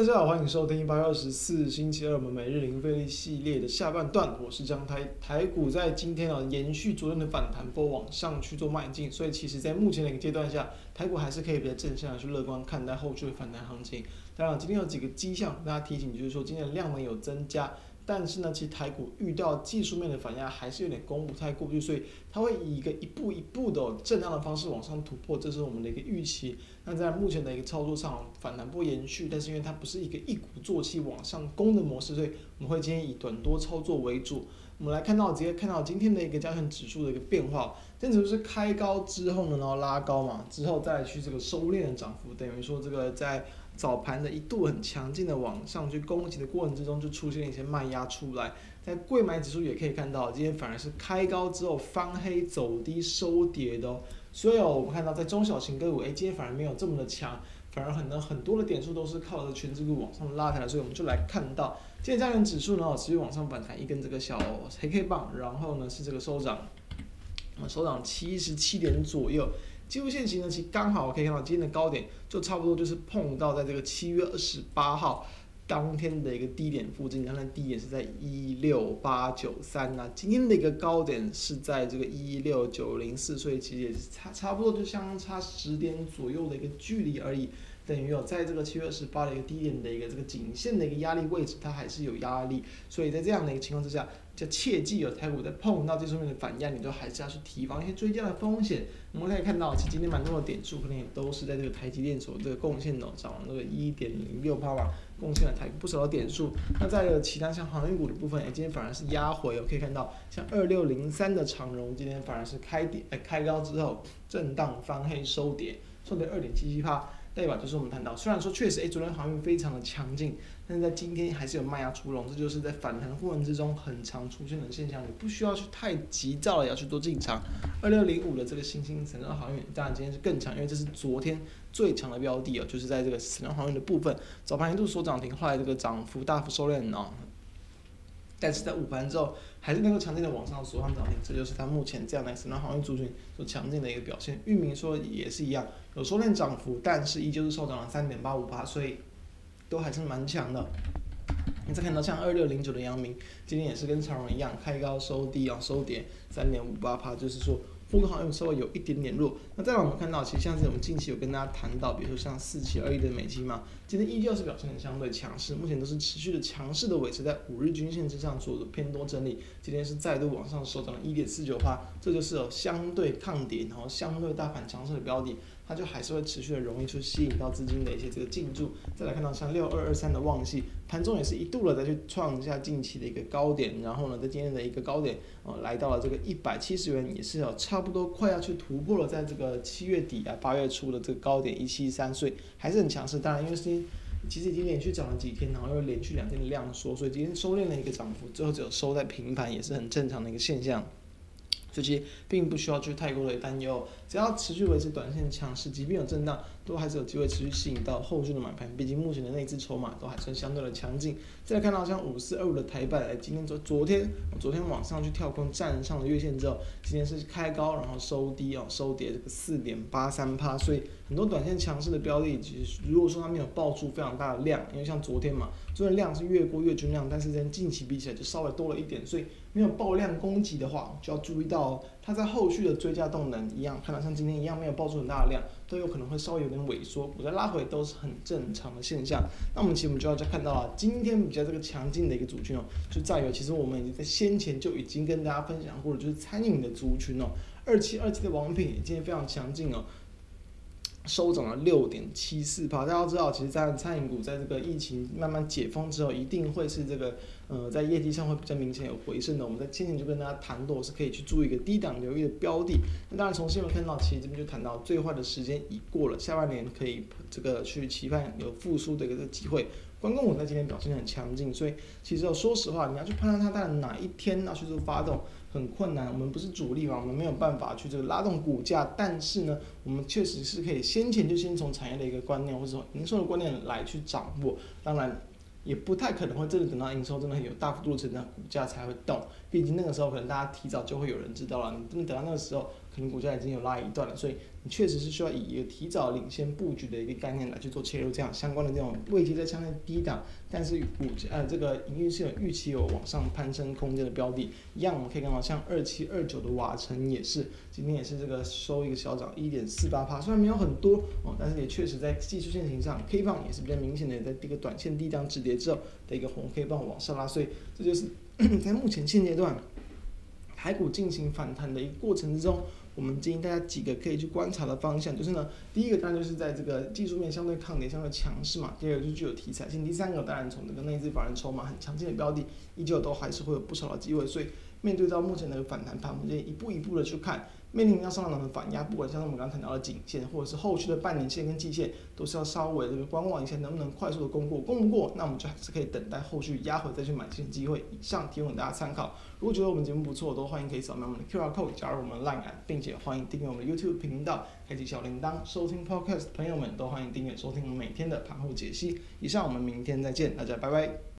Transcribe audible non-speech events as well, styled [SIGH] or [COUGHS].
大家好，歡迎收聽八月二十四星期二，我們每日零費力系列的下半段，我是張台。台股在今天啊，延續昨天的反彈波往上去做邁進，所以其實在目前的一個階段下，台股還是可以比較正向的去樂觀看待後續的反彈行情。當然，今天有幾個跡象，大家提醒，就是說今天的量能有增加。但是呢，其實台股遇到技術面的反壓還是有點攻不太過去，所以它會以一個一步一步的震盪的方式往上突破，這是我們的一個預期。那在目前的一個操作上，反彈波延續，但是因為它不是一個一鼓作氣往上攻的模式，所以我們會建議以短多操作為主。我們來看到直接看到今天的一個加權指數的一個變化，指數是開高之後呢，然後拉高嘛，之後再去這個收斂的漲幅，等於說這個在。早盤的一度很強勁的往上去攻擊的過程之中，就出現了一些賣壓出來。在櫃買指數也可以看到，今天反而是開高之後翻黑走低收跌的。哦。所以、哦、我們看到在中小型個股，哎，今天反而沒有這麼的強，反而很多很多的點數都是靠着權值股往上拉抬的。所以我們就來看到，今天加權指數呢，哦，持續往上反彈一根這個小黑 K 棒，然後呢是這個收漲，啊，收漲七十七點左右。技術線型呢，其實剛好可以看到今天的高點，就差不多就是碰到在這個七月二十八號當天的一個低點附近。當然低點是在一六八九三，那今天的一個高點是在這個一六九零四，所以其實也是差差不多就相差十點左右的一個距離而已。等於哦，在這個七月二十八的一個低點的一個這個頸線的一個壓力位置，它還是有壓力，所以在這樣的一個情況之下。要切記、哦，有台股在碰到這上面的反壓，你都還是要去提防一些追加的風險。我們可以看到，其實今天蠻多的點數，可能也都是在這個台積電所的這個貢獻的、哦，漲了那個一點零六趴吧，貢獻了台股不少的點數。那再有其他像航運股的部分，哎，今天反而是壓回、哦。可以看到，像二六零三的長榮，今天反而是開點，哎、呃，開高之後震盪翻黑收跌，收跌二點七七趴。代表就是我們談到，雖然說確實誒，昨天航運非常的強勁，但是在今天還是有賣壓出籠，這就是在反彈的過程之中很常出現的現象，你不需要去太急躁的要去做進場。二六零五的這個新興成長航運，當然今天是更強，因為這是昨天最強的標的啊、哦，就是在這個次能行航運的部分，早盤一度鎖漲停，後來這個漲幅大幅收斂了、哦。但是在午盤之後，還是能夠強勁的往上、縮上漲停，這就是它目前這樣的新能源行業族群所強勁的一個表現。裕民說也是一樣，有縮量漲幅，但是依舊是收漲了三點八五趴，所以都還是蠻強的。你再看到像二六零九的陽明，今天也是跟長榮一樣，開高收低啊，要收跌三點五八趴，就是說。不過好像有稍微有一點點弱，那再來我們看到，其實像是我們近期有跟大家談到，比如說像四七二一的美琪瑪嘛，今天依、e、舊是表現相對強勢，目前都是持續強勢的強勢的維持在五日均線之上做的偏多整理，今天是再度往上收漲了一點四九八，這就是有相對抗跌，然後相對大盤強勢的標的。它就還是會持續的，容易去吸引到資金的一些這個進駐。再來看到像六二二三的旺矽，盤中也是一度的再去創下近期的一個高點，然後呢，在今天的一個高點，呃、哦，來到了這個一百七十元，也是要、哦、差不多快要去突破了，在這個七月底啊、八月初的這個高點一七三，所以還是很強勢。當然，因為是其實已經連續漲了幾天，然後又連續兩天的量縮，所以今天收斂了一個漲幅，最後只有收在平盤，也是很正常的一個現象。所以並不需要去太過於擔憂，只要持續維持短線強勢，即便有震盪，都還是有機會持續吸引到後續的買盤，畢竟目前的那支籌碼都還算相對的強勁。再來看到像五四二五的台半，哎，今天昨昨天，昨天往上去跳空站上了月線之後，今天是開高然後收低啊、喔，收跌這個四點八三趴，所以很多短線強勢的標的，其實如果說它沒有爆出非常大的量，因為像昨天嘛，雖然量是越過月均量，但是跟近期比起來就稍微多了一點，所以沒有爆量攻擊的話，就要注意到、喔。它在後續的追加動能一樣，看到像今天一樣沒有爆出很大的量，都有可能會稍微有點萎縮，我再拉回都是很正常的現象。那我們其實我們就要再看到啊，今天比較這個強勁的一個族群哦、喔，就在於其實我們已經在先前就已經跟大家分享過了，就是餐飲的族群哦、喔，二七二七的王品已經非常強勁哦，收漲了六點七四趴。大家都知道，其實在餐飲股在這個疫情慢慢解封之後，一定會是這個。呃，在業績上會比較明顯有回升的。我們在先前就跟大家談過，是可以去做一個低檔留意的標的。那當然，從新聞看到，其實這邊就談到最壞的時間已過了，下半年可以這個去期盼有復甦的一個機會。觀光股在今天表現很強勁，所以其實要說實話，你要去判斷它大概哪一天要去做發動，很困難。我們不是主力嘛，我們沒有辦法去這個拉動股價，但是呢，我們確實是可以先前就先從產業的一個觀念或者說營收的觀念來去掌握。當然。也不太可能會真的等到營收真的有大幅度的成長，股價才會動。畢竟那個時候可能大家提早就會有人知道了，你真的等到那個時候，股價已經有拉一段了，所以你確實是需要以一個提早領先布局的一個概念來去做切入，這樣相關的這種位階在相對低檔，但是與股價呃這個營運是預期有往上攀升空間的標的，一樣我們可以看到像二七二九的瓦城也是，今天也是這個收一個小漲一點四八趴，雖然沒有很多哦，但是也確實在技術線型上 K 棒也是比較明顯的，也在一個短線低檔止跌之後的一個紅 K 棒往上拉，所以這就是 [COUGHS] 在目前現階段台股進行反彈的一個過程之中。我們建議大家幾個可以去觀察的方向，就是呢，第一個當然就是在這個技術面相對抗跌、相對強勢嘛，第二個就具有題材性，第三個當然從這個內資法人籌碼很強勁的標的，依舊都還是會有不少的機會。所以，面對到目前的反彈盤，我們建議一步一步的去看。面臨要上漲的反壓，不管像我們剛才談到的頸線，或者是後續的半年線跟季線，都是要稍微這觀望一下，能不能快速的攻過，攻不過，那我們就還是可以等待後續壓回再去買進的機會。以上提供大家參考。如果覺得我們節目不錯，都歡迎可以掃描我們的 QR code 加入我們的 Line，並且歡迎訂閱我們的 YouTube 頻道，開啟小鈴鐺收聽 Podcast。朋友們都歡迎訂閱收聽我們每天的盤後解析。以上，我們明天再見，大家拜拜。